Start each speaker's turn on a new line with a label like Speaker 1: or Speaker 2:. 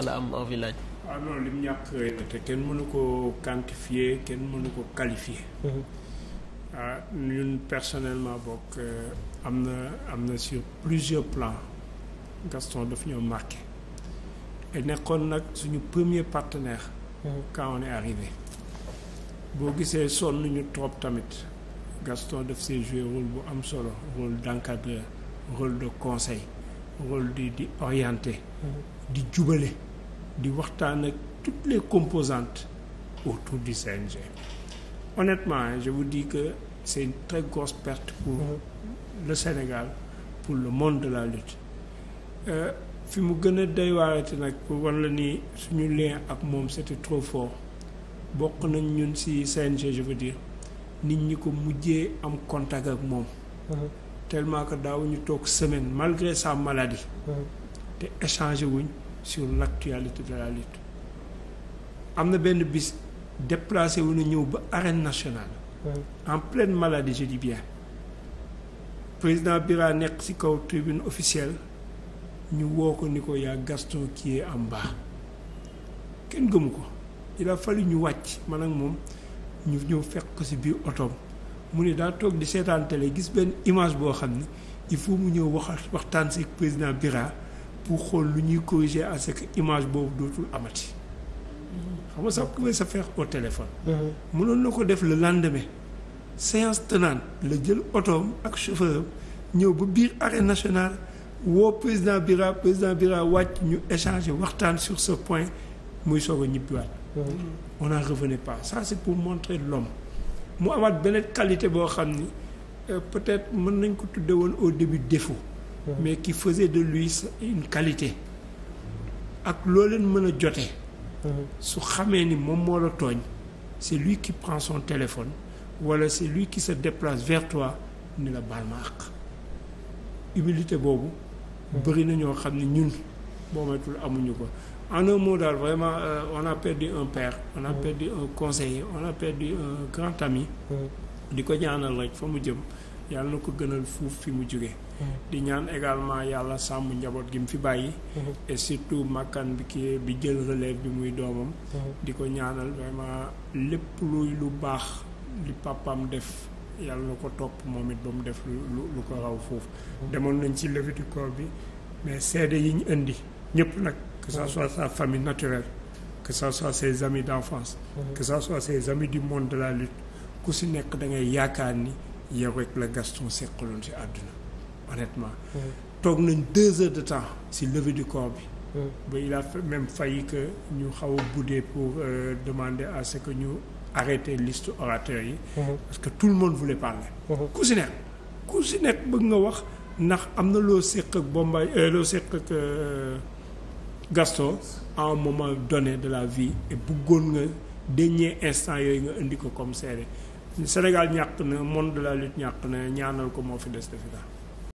Speaker 1: ala am envie village waaw ah, loolu lim ñàkk rëy na te kenn mënu ko quantifier kenn mënu ko qualifier. Mhm. ah ñun personnellement bokk euh, am na am na sur plusieurs plans Gaston daf ñoo marqué et nekkoon nag suñu premier partenaire. Mhm. quand on est boo gisee sonn ñu trop tamit Gaston daf see joué rôle bu am solo rôle d'encadreur rôle de conseil rôle di di orienter. Mhm. di jubale. di waxtaan ak toutes les composantes autour du CNG honnêtement je vous dis que c'est une très grosse perte pour mm-hmm. le Sénégal pour le monde de la lutte euh, fi mu gën a doy nag pour wan la ni suñu lien ak moom c'était trop fort bokk nañ ñun ci CNG je veux dire nit ñi ko mujjee am contact ak moom mm-hmm. tellement que daawuñu toog semaine malgré sa maladie mm-hmm. te échanger wuñ sur l'actualité de am na benn bis déplacé wu na ñëw ba arène nationale en pleine maladie je dis bien président Bira nekk ci kaw tribune officielle ñu woo ko ni ko yaa Gaston qui est en bas kenn gëmu ko il a ñu wàcc man ak moom ñu ñëw fekk ko ci biir otoom mu ne daa toog di seetaan télé gis benn image boo xam ne il faut mu ñëw wax waxtaan ci président Bira pour xool lu ñuy corriger à ce que image boobu dootul amati. xam nga ça pouvait se faire au téléphone. Mm-hmm. mënoon na ko def le lendemain. séance tenante la jël otoom ak chauffeur ñëw ba biir arène national woo président Bira président Bira wàcc ñu échanger waxtaan sur ce point muy soog a ñibbiwaat. Mm-hmm. on naa revenait pas ça c'est pour montrer l'homme mu amaat beneen qualité boo xam ni euh, peut-être mën nañ ko tuddee woon au début défaut. mais qui faisait de lui une qualité ak loo leen mën a jote su xamee ni moom moo la tooñ c'est lui qui prend son téléphone wala c'est lui qui se déplace vers toi ni la baal ma àq humilité boobu bëri na ñoo xam ne ñun boo amuñu ko en un mot daal vraiment euh, on a perdu un père on a perdu un conseiller on a perdu un grand ami di ko ñaanal rek fa mu jëm yàlla na ko gënal fuuf fi mu jóge hmm. di ñaan également yàlla sàmm njaboot gi mu fi bàyyi hmm. et surtout makkan bi ki bi jël relève bi muy doomam hmm. di ko ñaanal vraiment lépp luy lu baax li papam def yàlla na ko topp moom it ba mu def lu lu ko raw foofu demoon nañ ci levée du bi mais seede yi ñu indi ñëpp nag que ça soit sa famille naturelle que ça soit ses amis d'enfance que ça soit ses amis du monde de ku si nekk da yaakaar ni yow rek la Gaston seqaloon si àdduna honnêtement hmm. toog nañ deux heures de temps si levée du corps bi hmm. ba il a même failli que ñu xaw a boudé pour euh, demander à ce que ñu arrêter liste orateur yi hmm. parce que tout le mone voulait parler ku si nekk ku si nekk bëgg nga wax ndax am na loo séq ak Bombay euh, loo séq euh, Gaston à moment donné de la vie et bëggoon nga dernier instant yooyu nga indi ko comme seede Sénégal ñàkk na monde de la lutte ñàkk na ñaanal ko moo fi des defi daal